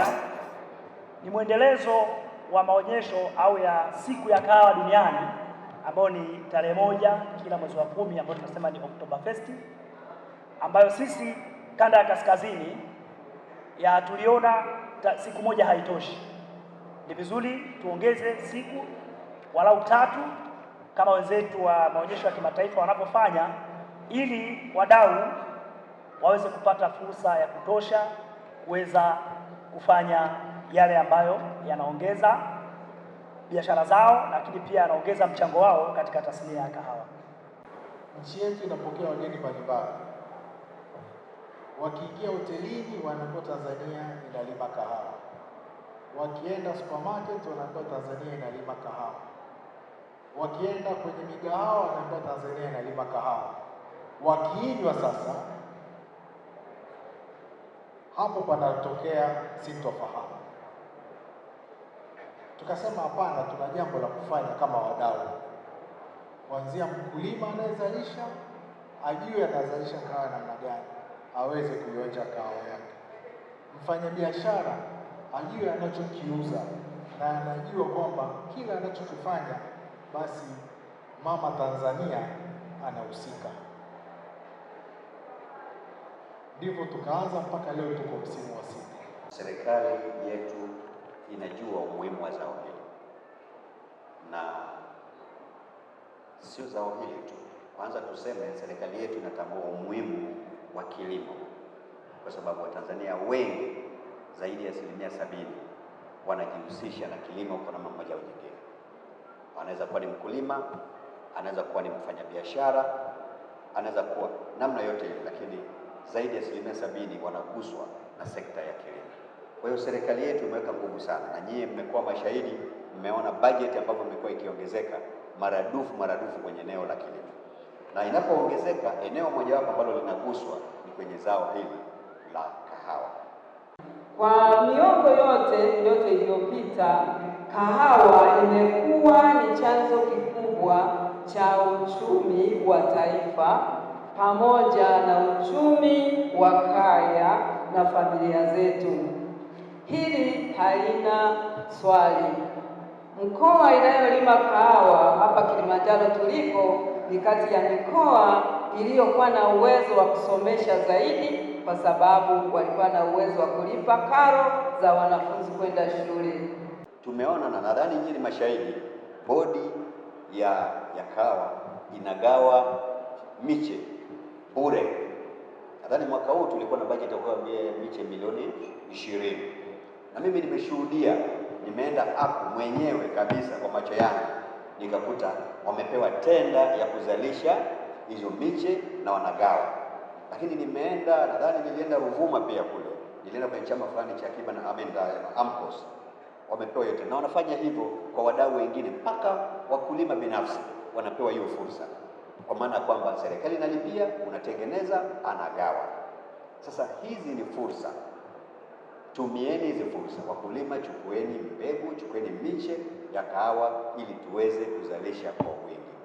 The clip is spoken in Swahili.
haya ni mwendelezo wa maonyesho au ya siku ya kahawa duniani ambayo ni tarehe moja kila mwezi wa kumi ambayo tunasema ni Oktoberfest, ambayo sisi kanda ya kaskazini ya tuliona ta, siku moja haitoshi, ni vizuri tuongeze siku walau tatu kama wenzetu wa maonyesho ya kimataifa wanavyofanya, ili wadau waweze kupata fursa ya kutosha kuweza kufanya yale ambayo yanaongeza biashara zao, lakini pia yanaongeza mchango wao katika tasnia ya kahawa. Nchi yetu inapokea wageni mbalimbali, wakiingia hotelini wanakuwa Tanzania inalima kahawa, wakienda supermarket wanakuwa Tanzania inalima kahawa, wakienda kwenye migahawa wanakuwa Tanzania inalima kahawa, wakiinywa sasa hapo panatokea sintofahamu. Tukasema hapana, tuna jambo la kufanya kama wadau, kuanzia mkulima anayezalisha ajue anazalisha kahawa namna gani, aweze kuionja kahawa yake, mfanyabiashara ajue anachokiuza na anajua kwamba kila anachokifanya basi mama Tanzania anahusika ndivyo tukaanza mpaka leo tuko msimu wa sita. Serikali yetu inajua umuhimu wa zao hili, na sio zao hili tu. Kwanza tuseme serikali yetu inatambua umuhimu wa kilimo, kwa sababu Watanzania wengi zaidi ya asilimia sabini wanajihusisha na kilimo kwa namna moja au nyingine. Anaweza kuwa ni mkulima, anaweza kuwa ni mfanyabiashara, anaweza kuwa namna yote, lakini zaidi ya asilimia sabini wanaguswa na sekta ya kilimo. Kwa hiyo serikali yetu imeweka nguvu sana, na nyie mmekuwa mashahidi, mmeona bajeti ambayo imekuwa ikiongezeka maradufu maradufu kwenye eneo la kilimo, na inapoongezeka eneo mojawapo ambalo linaguswa ni kwenye zao hili la kahawa. Kwa miongo yote yote iliyopita, kahawa imekuwa ni chanzo kikubwa cha uchumi wa taifa pamoja na uchumi wa kaya na familia zetu. Hili halina swali. Mkoa inayolima kahawa hapa Kilimanjaro tulipo ni kati ya mikoa iliyokuwa na uwezo wa kusomesha zaidi, kwa sababu walikuwa na uwezo wa kulipa karo za wanafunzi kwenda shule. Tumeona na nadhani nyinyi ni mashahidi, bodi ya ya kahawa inagawa miche Nadhani mwaka huu tulikuwa na bajeti ya miche milioni ishirini na mimi nimeshuhudia, nimeenda app mwenyewe kabisa kwa macho yangu nikakuta wamepewa tenda ya kuzalisha hizo miche na wanagawa. Lakini nimeenda nadhani nilienda Ruvuma pia kule, nilienda kwenye chama fulani cha akiba na amenda AMCOS, wamepewa yote na wanafanya hivyo kwa wadau wengine, mpaka wakulima binafsi wanapewa hiyo fursa kwa maana kwamba serikali inalipia, unatengeneza, anagawa. Sasa hizi ni fursa, tumieni hizi fursa. Wakulima, chukueni mbegu, chukueni miche ya kahawa ili tuweze kuzalisha kwa wingi.